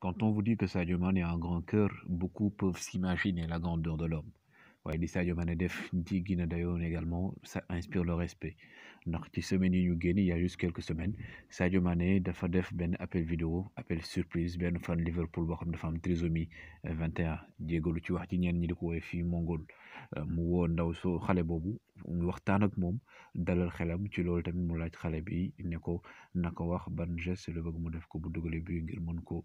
Quand on vous dit que Sadio Mané a un grand cœur, beaucoup peuvent s'imaginer la grandeur de l'homme. Ouais, di Sadio Mané def jéggi également ça inspire le respect Notre il y a juste quelques semaines Sadio Mané a def ben appel vidéo appel surprise ben fan Liverpool boo xam ne dafa am trisomie 21 Diego ci wax ci ñenn ñi di ko mongol mu woo ndaw so xale boobu mu waxtaan ak moom dalal xelam ci loolu tamit mu laaj xale bi ne ko na wax ban geste la bëgg mu def ko bu dugalee bi ngir mën ko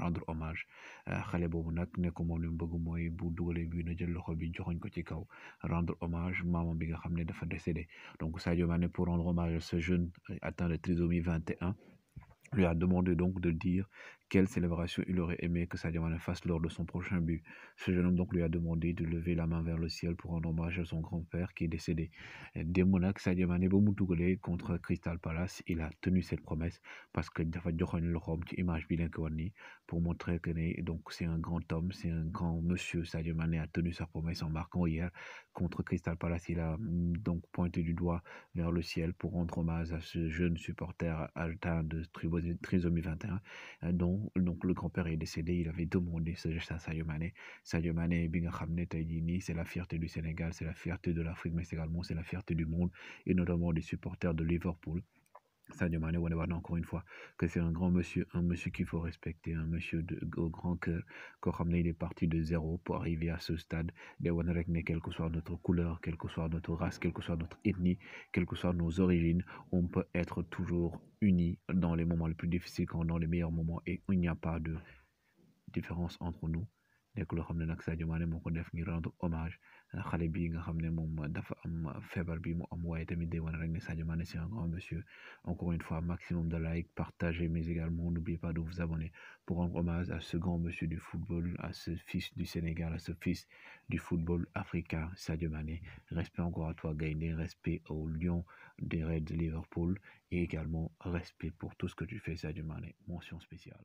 rendre hommage euh, xale boobu nag ne ko moom li mu bëgg mooy bu dugalee bi na jël loxo bi joxoñ ko ci kaw rendre hommage maman bi nga xam ne dafa décédé donc Sadio Mané pour rendre hommage à ce jeune atteint de trisomie 21 lui a demandé donc de dire quelle célébration il aurait aimé que Sadio Mané fasse lors de son prochain but. Ce jeune homme donc lui a demandé de lever la main vers le ciel pour rendre hommage à son grand-père qui est décédé. Des monarques Sadio Mané contre Crystal Palace, il a tenu cette promesse parce que image pour montrer que c'est un grand homme, c'est un grand monsieur Sadio Mané a tenu sa promesse en marquant hier contre Crystal Palace, il a mm, donc pointé du doigt vers le ciel pour rendre hommage à ce jeune supporter atteint de trisomie 21 euh, dont donc le grand-père est décédé, il avait demandé ce geste à Sadio Mané. Sadio Mané, c'est la fierté du Sénégal, c'est la fierté de l'Afrique, mais également c'est la fierté du monde, et notamment des supporters de Liverpool. Sadio Mané, encore une fois, que c'est un grand monsieur, un monsieur qu'il faut respecter, un monsieur de, au grand cœur, que il est parti de zéro pour arriver à ce stade. on Wanrekne, quelle que soit notre couleur, quelle que soit notre race, quelle que soit notre ethnie, quelles que soient nos origines, on peut être toujours unis dans les moments les plus difficiles, quand dans les meilleurs moments, et il n'y a pas de différence entre nous. Sadio Mané moko def hommage à bi nga ne dafa am Sadio Mané c'est un grand monsieur encore une fois maximum de likes partagez mais également n'oubliez pas de vous abonner pour rendre hommage à ce grand monsieur du football à ce fils du Sénégal à ce fils du football africain Sadio Mané respect encore à toi Gaïné respect au Lion des Reds de Liverpool et également respect pour tout ce que tu fais Sadio Mané mention spéciale